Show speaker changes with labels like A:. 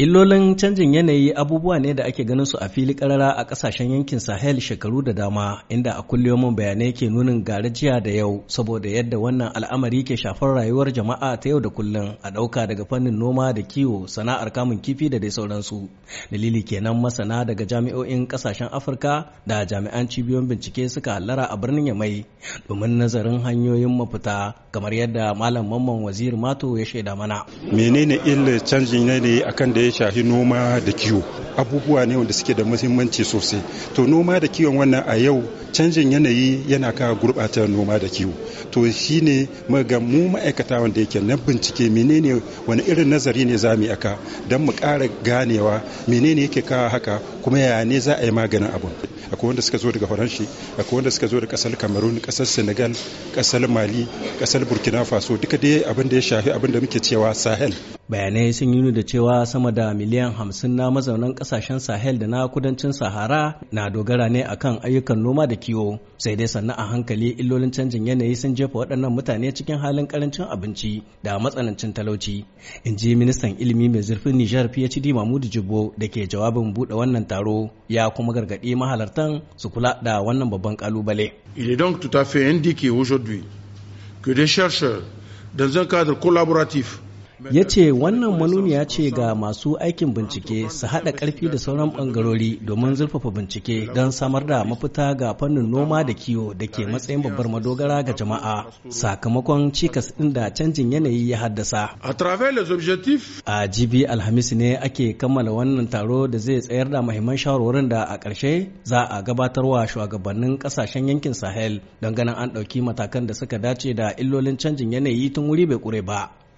A: Illolin canjin yanayi abubuwa ne da ake ganin su a fili karara a kasashen yankin Sahel shekaru da dama inda a kulliyomin bayanai ke nunin garajiya da yau saboda yadda wannan al'amari ke shafar rayuwar jama'a ta yau da kullum a ɗauka daga fannin noma da kiwo sana'ar kamun kifi da dai sauransu. Dalili kenan masana daga jami'o'in kasashen Afirka da jami'an cibiyoyin bincike suka hallara a birnin Yamai domin nazarin hanyoyin mafita kamar yadda Malam Mamman Wazir Mato ya shaida mana.
B: Menene illar canjin yanayi akan da ya shafi noma da kiwo abubuwa ne wanda suke da muhimmanci sosai to noma da kiwon wannan a yau canjin yanayi yana kawo gurɓata noma da kiwo to shine ga mu ma'aikata wanda yake na bincike menene wani irin nazari ne za mu yi aka don mu ƙara ganewa menene yake kawo haka kuma yaya ne za a yi maganin abun akwai wanda suka zo daga faranshi akwai wanda suka zo da kasar cameroon kasar senegal kasar mali kasar burkina faso duka dai abin da ya shafi abin da muke cewa sahel
A: bayanai sun yi nuna da cewa sama da miliyan hamsin na mazaunan kasashen sahel da na kudancin sahara na dogara ne akan ayyukan noma da kiwo sai dai sannan a hankali illolin canjin yanayi sun jefa waɗannan mutane cikin halin karancin abinci da matsanancin talauci in ji ministan ilimi mai zurfin nijar phd mahmudu jibo da ke jawabin buɗe wannan taro ya kuma gargaɗi mahalartan su kula da wannan babban kalubale.
B: il est donc tout à fait indiqué aujourd'hui que des chercheurs dans un cadre collaboratif
A: ya ce wannan manuniya ce ga masu aikin bincike su haɗa ƙarfi da sauran ɓangarori domin zurfafa bincike don samar da mafita ga fannin noma da kiwo da ke matsayin babbar madogara ga jama'a sakamakon cikas ɗin da canjin yanayi ya haddasa. A jibi Alhamis ne ake kammala wannan taro da zai tsayar da mahimman shawarwarin da a ƙarshe za a gabatar wa shugabannin ƙasashen yankin Sahel don ganin an ɗauki matakan da suka dace da illolin canjin yanayi tun wuri bai ƙure ba.